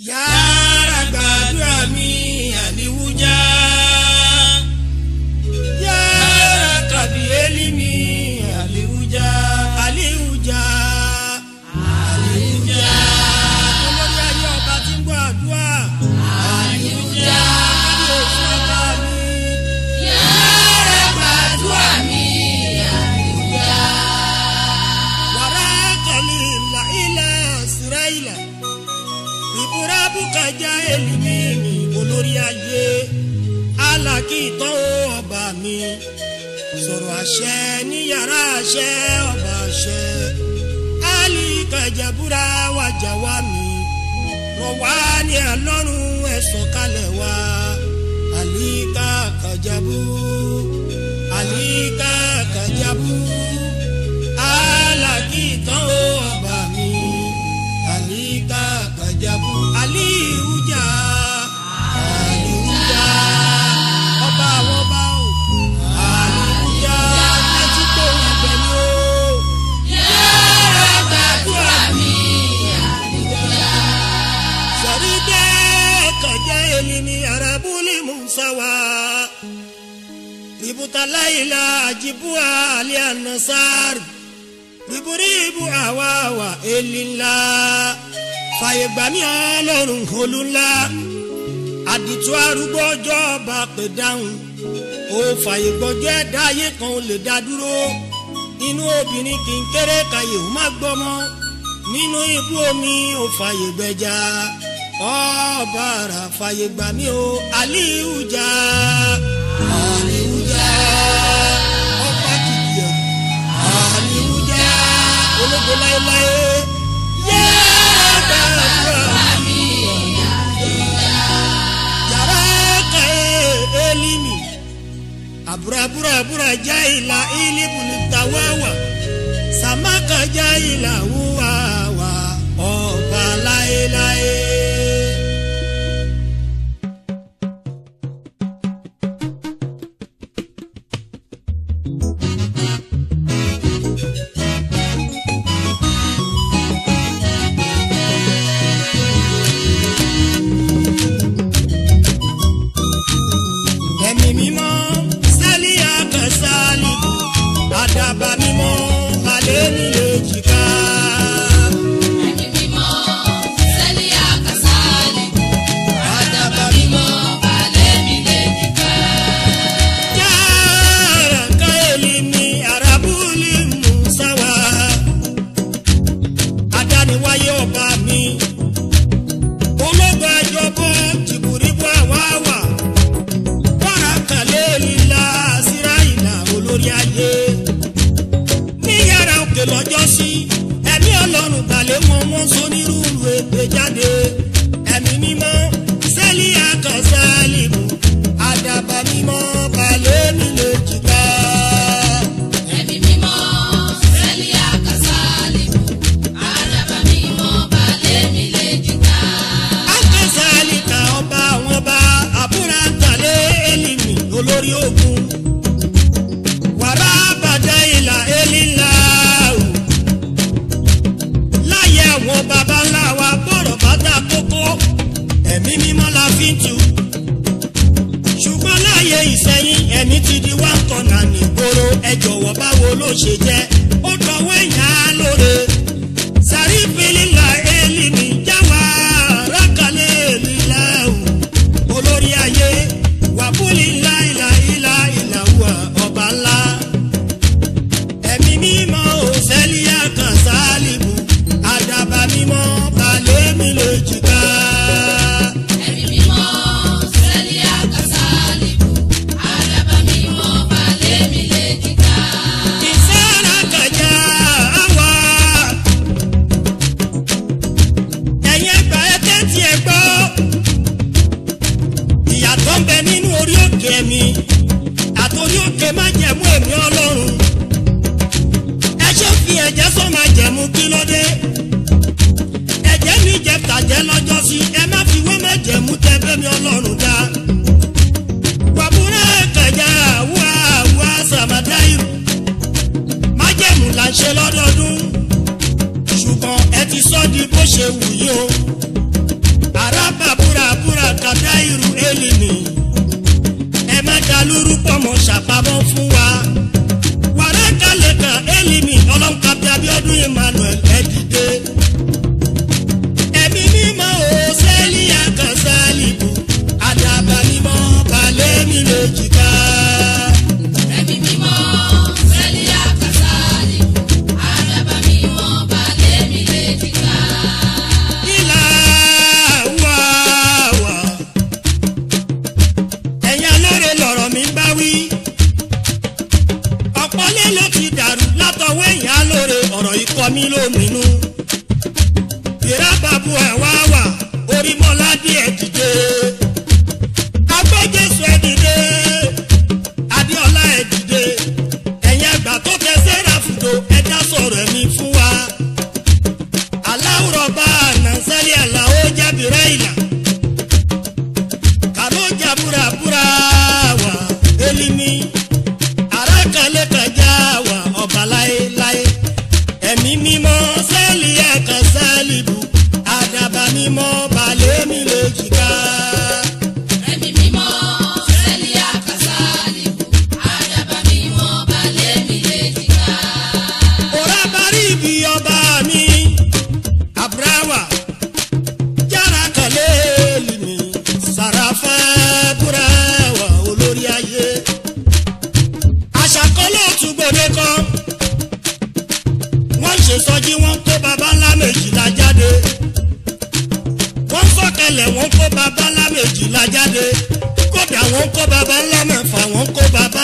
Yeah, akibuwa ali anasar biburibu awawa elila fàyègbàmí ọlọ́run olúńlá àdìtú arúgbó ọjọ́ ọba pè dáhùn ó fàyègbọ́jọ́ ẹ̀dá ayé kan ò lè dá dúró inú obìnrin kì í kéré kàyè ó má gbọ́mọ nínú ibú omi ò fàyègbẹ́já ọba àrà fàyègbàmí o àlíhùjá àlíhùjá. ológo láéláé. Aburabura jaila ilibuni tawawa samaka jaila wu.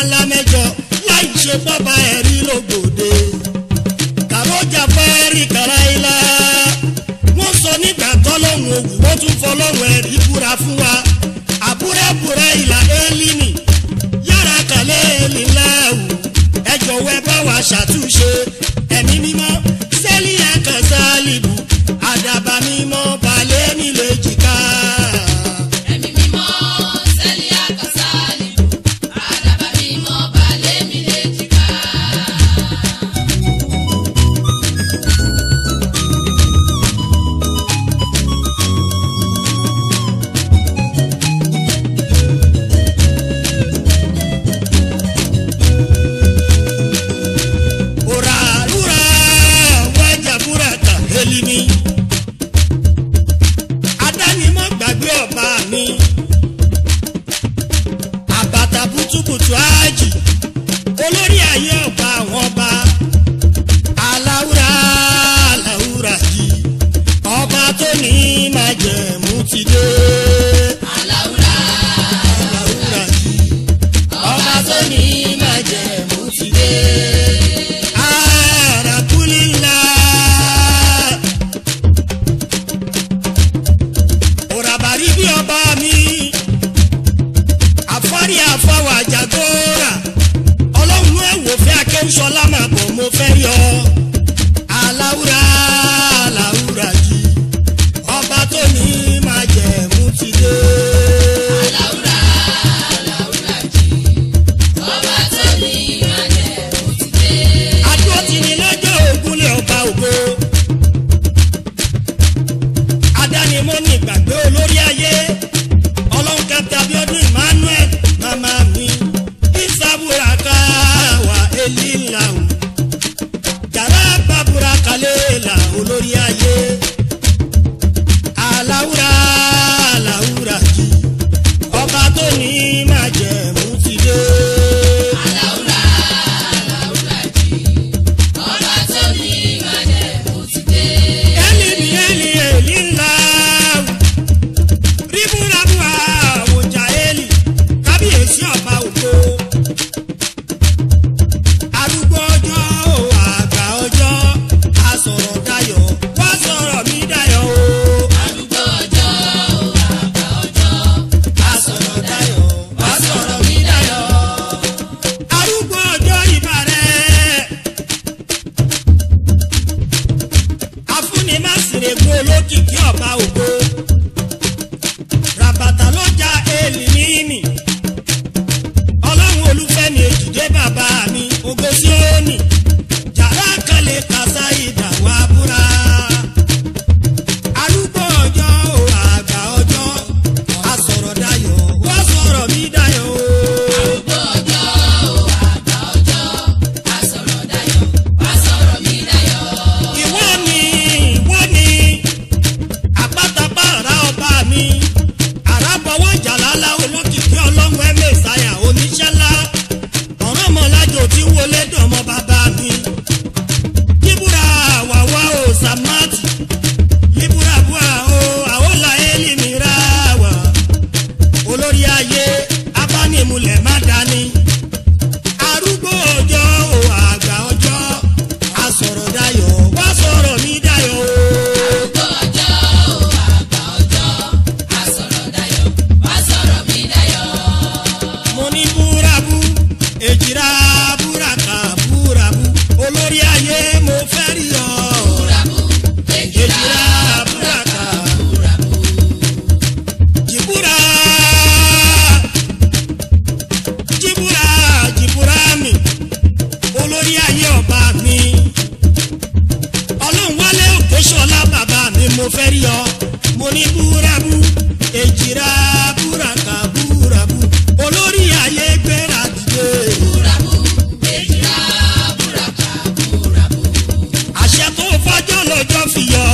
ńlá mẹ́jọ láì ṣe bọ́ba ẹ̀rí rògbòde kàrójà fẹ́ rí kàrá ilá wọ́n sọ nígbà tọ́lọ́hún òwú wọ́n tún fọlọ́hún ẹ̀rí búra fún wa àbúrẹ́bùrẹ́ ìlà éèlì nì yàrá kàlẹ́ èlì láàwù ẹ jọ̀wọ́ ẹ bá wa ṣàtúnṣe ẹ̀mí mímọ́ sẹ́lì ẹ̀kan sálìbù àdàbà mímọ́ balẹ̀ mi jì. fi yọ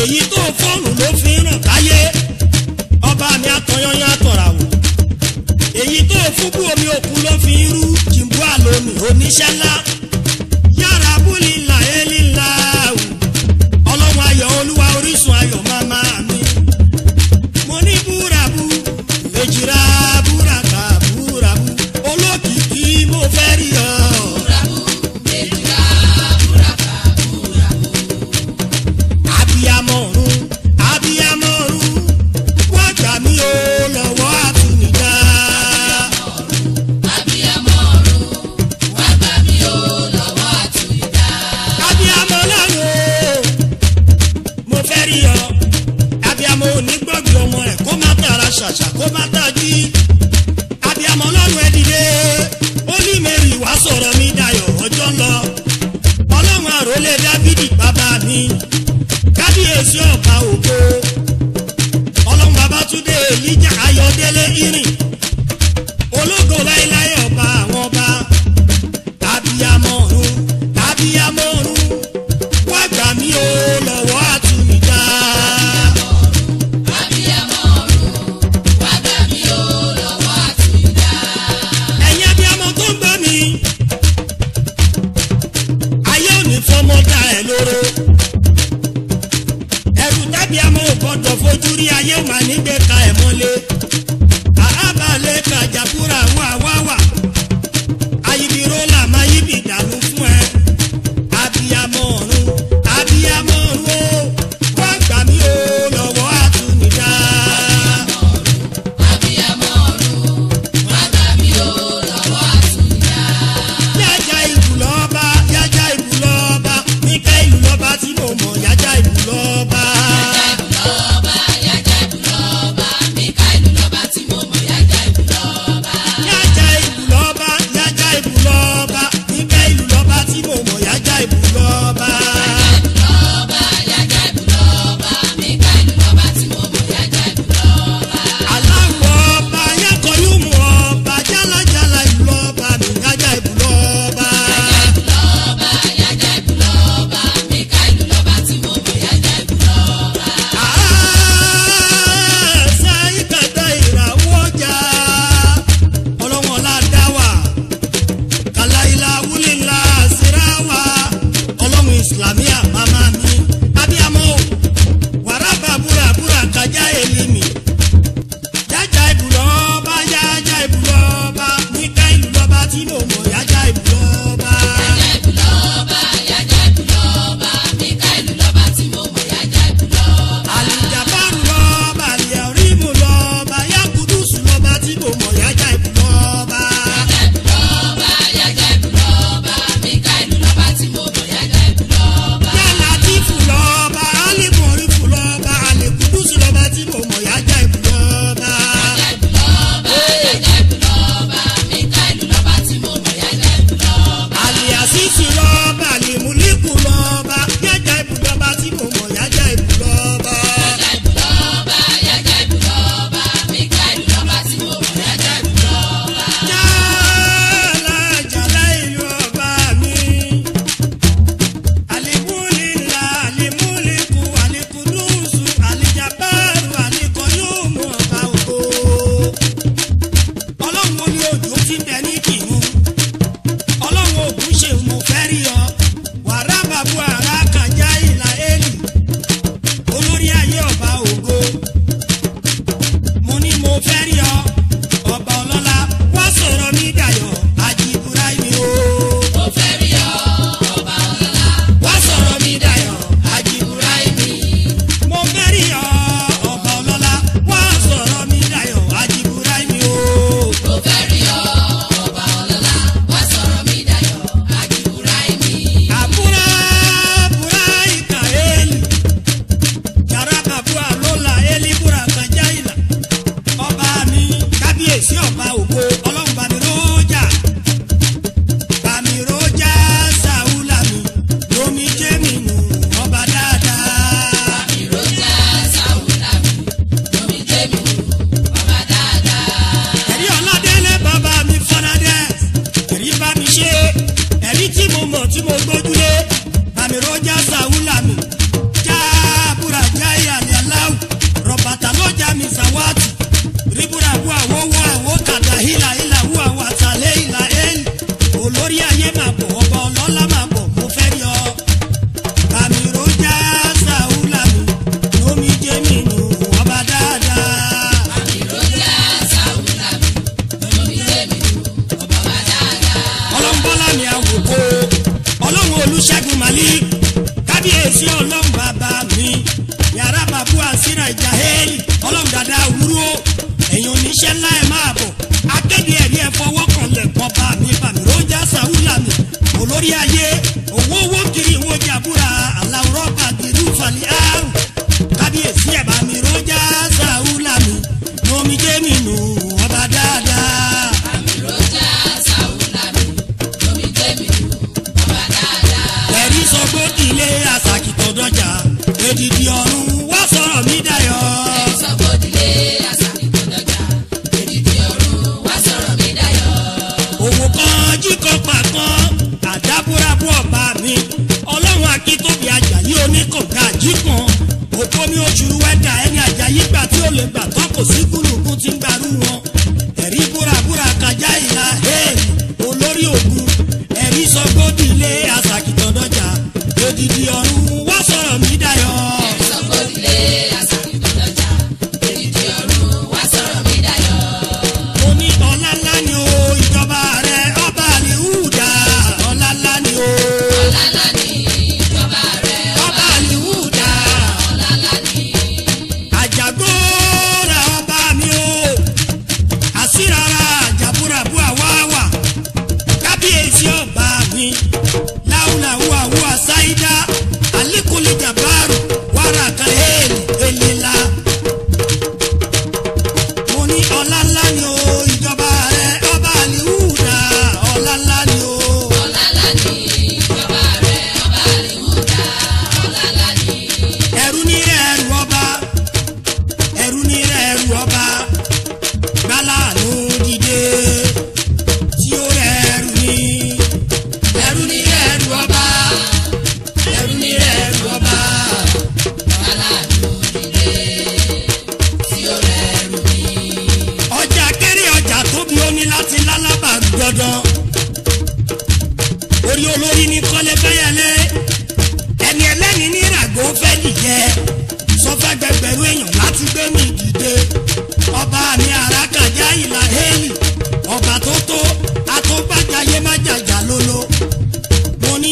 èyí tó fọ́ọ̀nù ló fi ràn káyé ọba mi àtọ̀yọ́yọ́ àtọ̀ràwọ̀ èyí tó fúnbù omi òkú ló fi rú jìǹbù àlòmì oníṣẹ́ ńlá. Adélé irin.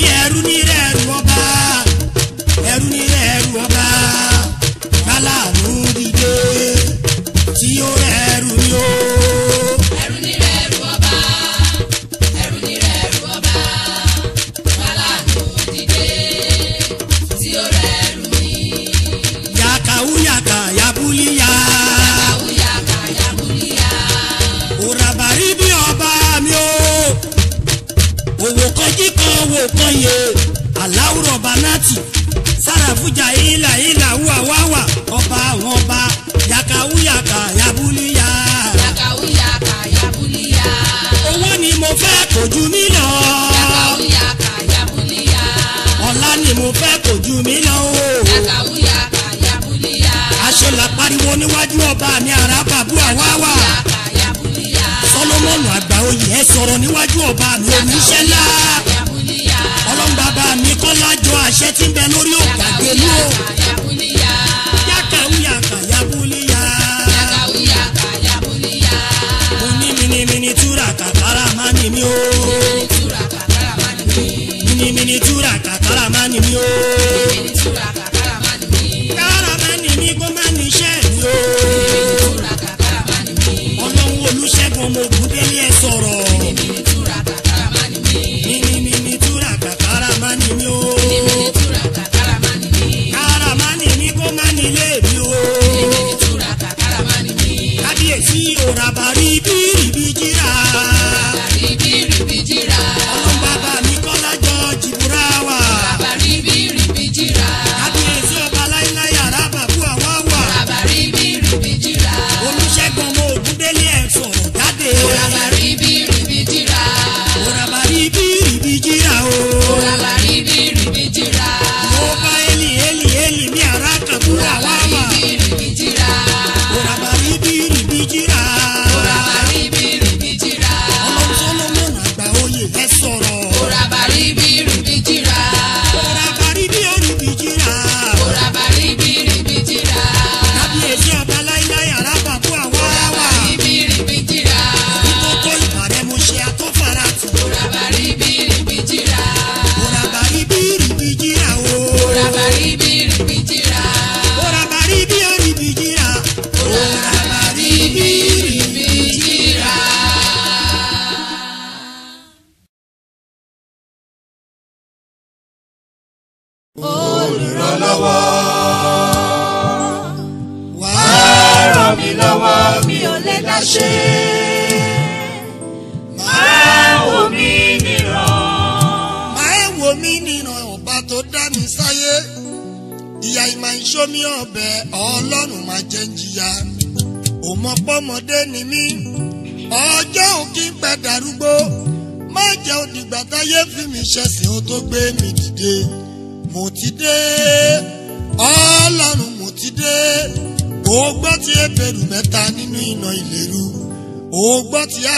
ẹrú ní ni mí o. Mini mini kàkàrà má ni mí o. mínímíní túra kàkàrà má ni mí o.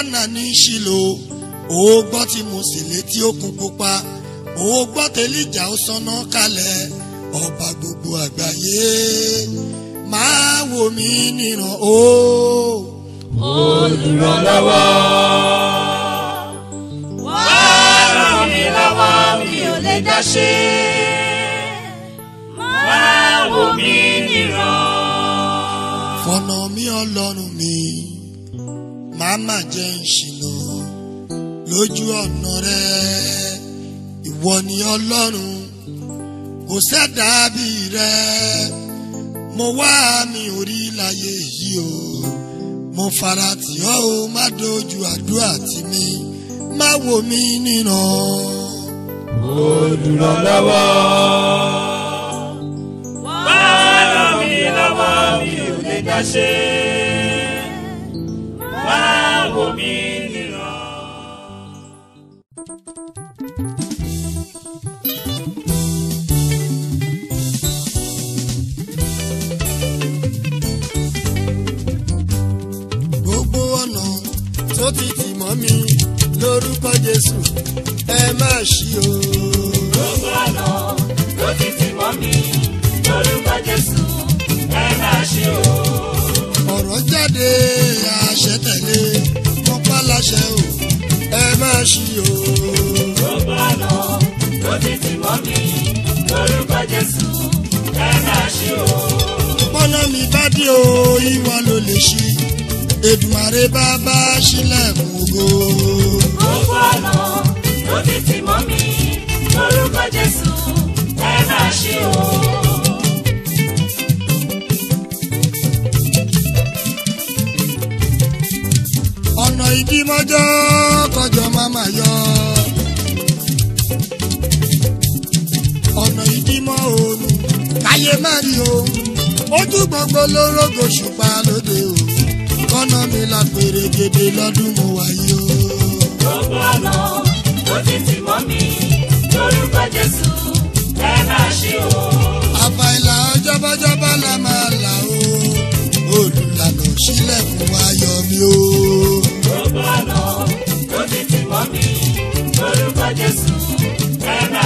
lánàá ní ṣìlò òó gbọ́ ti mùsì létí òkun pupa òó gbọ́ tẹ́líjà ó sanná kalẹ̀ ọba gbogbo àgbáyé máa wò mí nìran o. olùrànlọ́wọ́ wá ràn mí lọ́wọ́ mi ò lè dá ṣe fọ̀nà mi ọlọ́run mi màá mà jẹ́ ń ṣìnà lójú ọ̀nà rẹ ìwọ ni ọlọ́run kò sẹ́dá bí rẹ mo wá mi ò láyé yìí o mo fara tì ọ́ o má dojú àdúrà tì mí má wò mí níran. olùrànlọ́wọ́. wàá ràn mí lọ́wọ́ mi ò lè dá ṣe é wá wò mí gbogbo ọ̀nà tó ti tì mọ́ mi lórúkọ Jésù ẹ má ṣí o. gbogbo ọ̀nà tó ti tì mọ́ mi lórúkọ Jésù ẹ má ṣí o dé àṣẹ tẹ̀lé wọ́n pa láṣẹ o ẹ má ṣí o. gbogbo ọ̀nà ló ti tì mọ́ mi lórúkọ Jésù ẹ má ṣí o. bọ́nà mi bá dé o ìwọ ló lè ṣí Èdùmàrè bàbá ṣílẹ̀kùn ògo. gbogbo ọ̀nà ló ti tì mọ́ mi lórúkọ Jésù ẹ má ṣí o. ọmọ igi mọ́jọ́ kọjọ máma yọ. ọ̀nà igi mọ́ òòrùn káyé má rí o ojú gbogbo lórógo ṣùpá lóde o kọ́nà mi la pèrègèdè lọ́dún mo wáyé o. gbogbo ọ̀nà ló ti tì mọ́ mi lórúkọ Jésù ẹ máa ṣe o.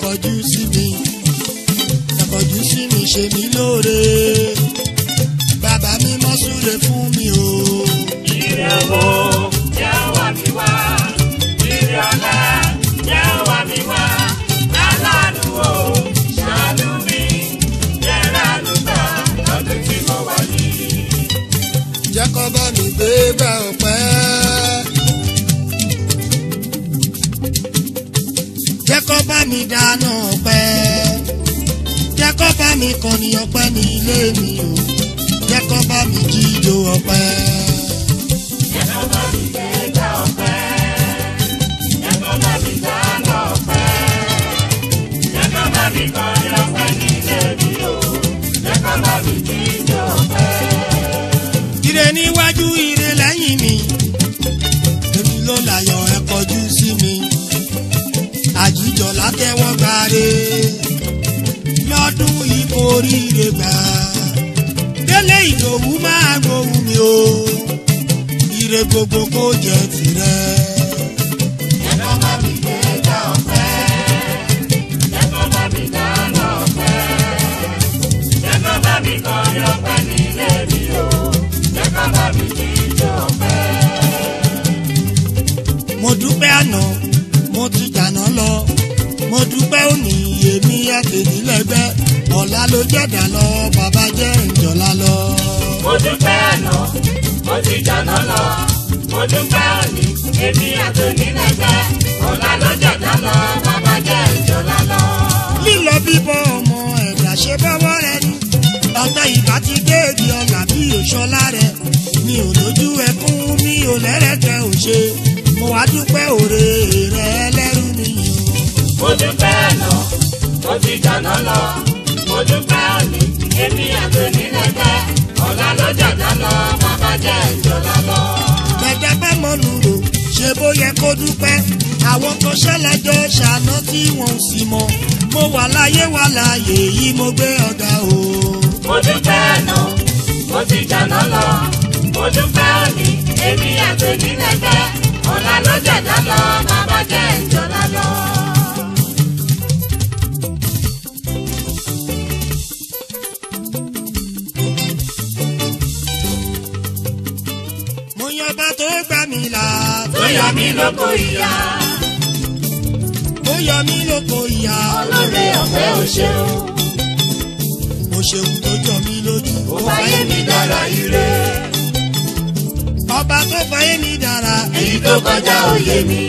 kọjú sí mi kọjú sí mi ṣe mí lóore. wá dúpẹ́ òre rẹ ẹlẹ́rú mi. mo dúpẹ́ àná mo ti dáná lọ mo dúpẹ́ òní èmi àtòní lẹ́gbẹ́ ọ̀la lọ́jà dáná bàbá jẹ́ ìjọba lọ. gbẹ̀dẹ̀ pẹ́ mọ́ lùrò ṣe bó yẹ kó dúpẹ́ àwọn kan ṣẹlẹ̀ ṣàná tí wọ́n sì mọ̀ mo wà láyé wà láàyè yìí mo gbé ọ̀gá o. mo dúpẹ́ àná mo ti dáná lọ. yọ mí lóko ìyá. ó yọ mí lóko ìyá. olóore ọ̀fẹ́ ò ṣeun. ó ṣeun tó jọ mí lójú. ó fàyè mi dára ire. ọba tó fàyè mi dára. èyí tó kọjá òye mi.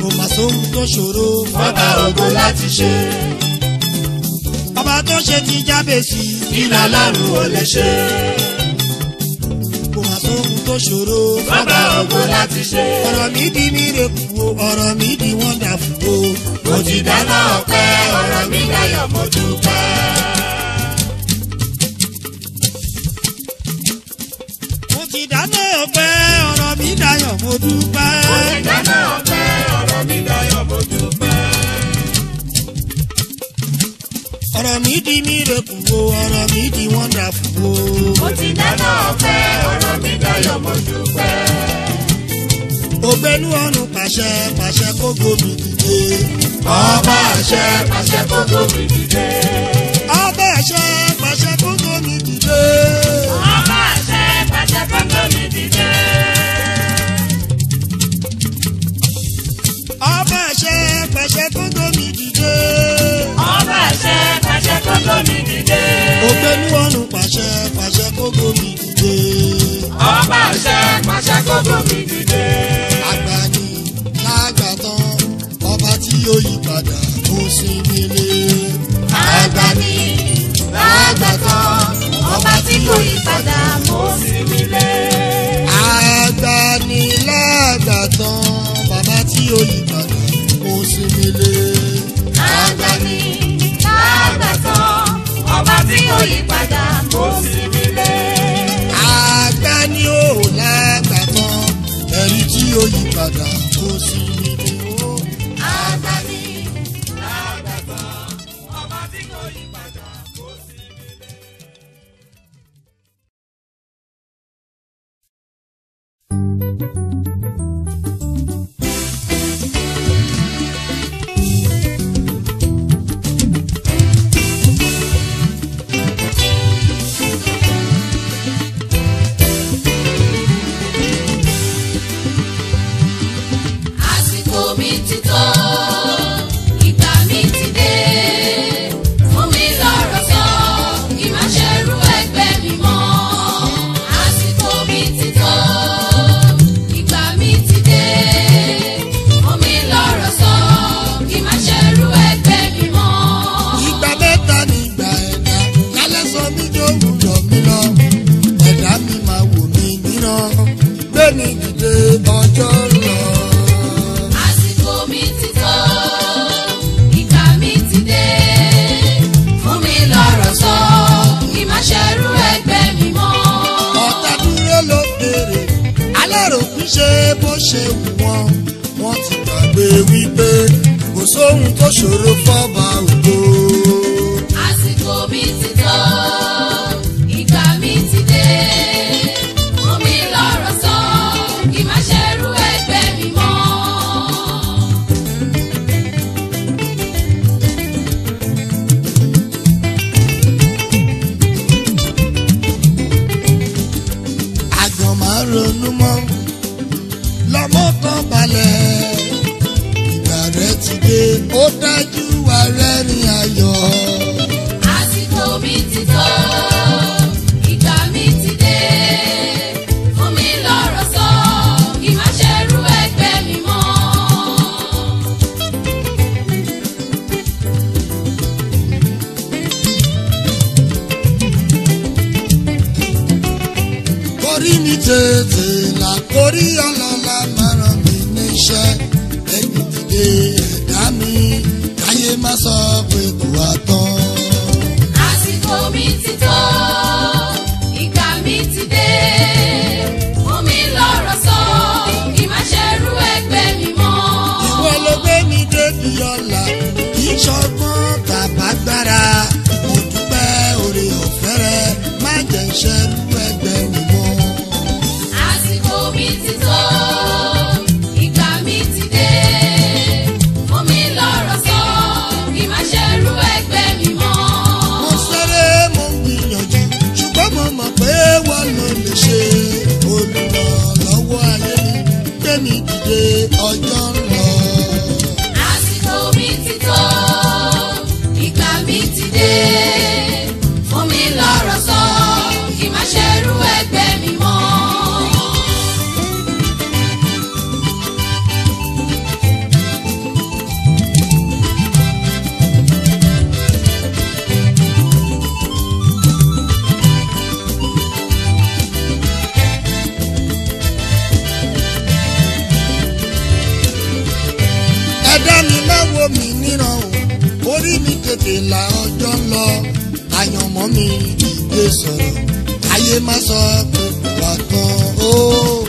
kò mà sóhun tó ṣòro. fọ́tà ògo láti ṣe. ọba tó ṣe ti jábèsì. kí lálárù ó lè ṣe sóhun tó ṣòro. bàbá ògo láti ṣe. ọ̀rọ̀ mi di mírèkù o ọ̀rọ̀ mi di wọ́ndàfù o. mo ti dáná ọpẹ́ ọ̀rọ̀ mi dayọ̀ mo dúpẹ́. mo ti dáná ọpẹ́ ọ̀rọ̀ mi dayọ̀ mo dúpẹ́. mo ti dáná ọpẹ́ ọ̀rọ̀ mi dayọ̀ mo dúpẹ́ ọ̀rọ̀ mi di mírèkù o ọ̀rọ̀ mi di wọ́ndàfù o. mo ti dáná ọ̀fẹ́ ọ̀rọ̀ mi dayọ̀ mo dúpẹ́. ògbénú ọ̀run pàṣẹ pàṣẹ kó gómi dìde. ọba àṣẹ pàṣẹ kó gómi dìde. ọba àṣẹ pàṣẹ kó gómi dìde. ọba àṣẹ pàṣẹ kó gómi dìde. gómi dìde. ògbẹ́ni wọnú pàṣẹ pàṣẹ kó gómi dìde. ọba àṣẹ pàṣẹ kó gómi dìde. àgbà ni lágbà tán ọba tí yóò yí padà mú sí nílé. àgbà ni lágbà tán ọba tí yóò yí padà mú sí nílé. àgbà ni lágbà tán bàbá tí yóò yí. tí ó yí padà mo sì nílé. àgbá ni ó lágbàtàn ẹni tí ó yí padà kò sí nílé. bó ṣe wù wọ́n wọ́n ti gbàgbé wípé kò sóhun tó ṣòro fọ́ba ògo. tètè la ọjọ́ lọ àyànmọ́ mi dìde sọ̀rọ̀ ayé má sọ kókò àtàn ó. Oh.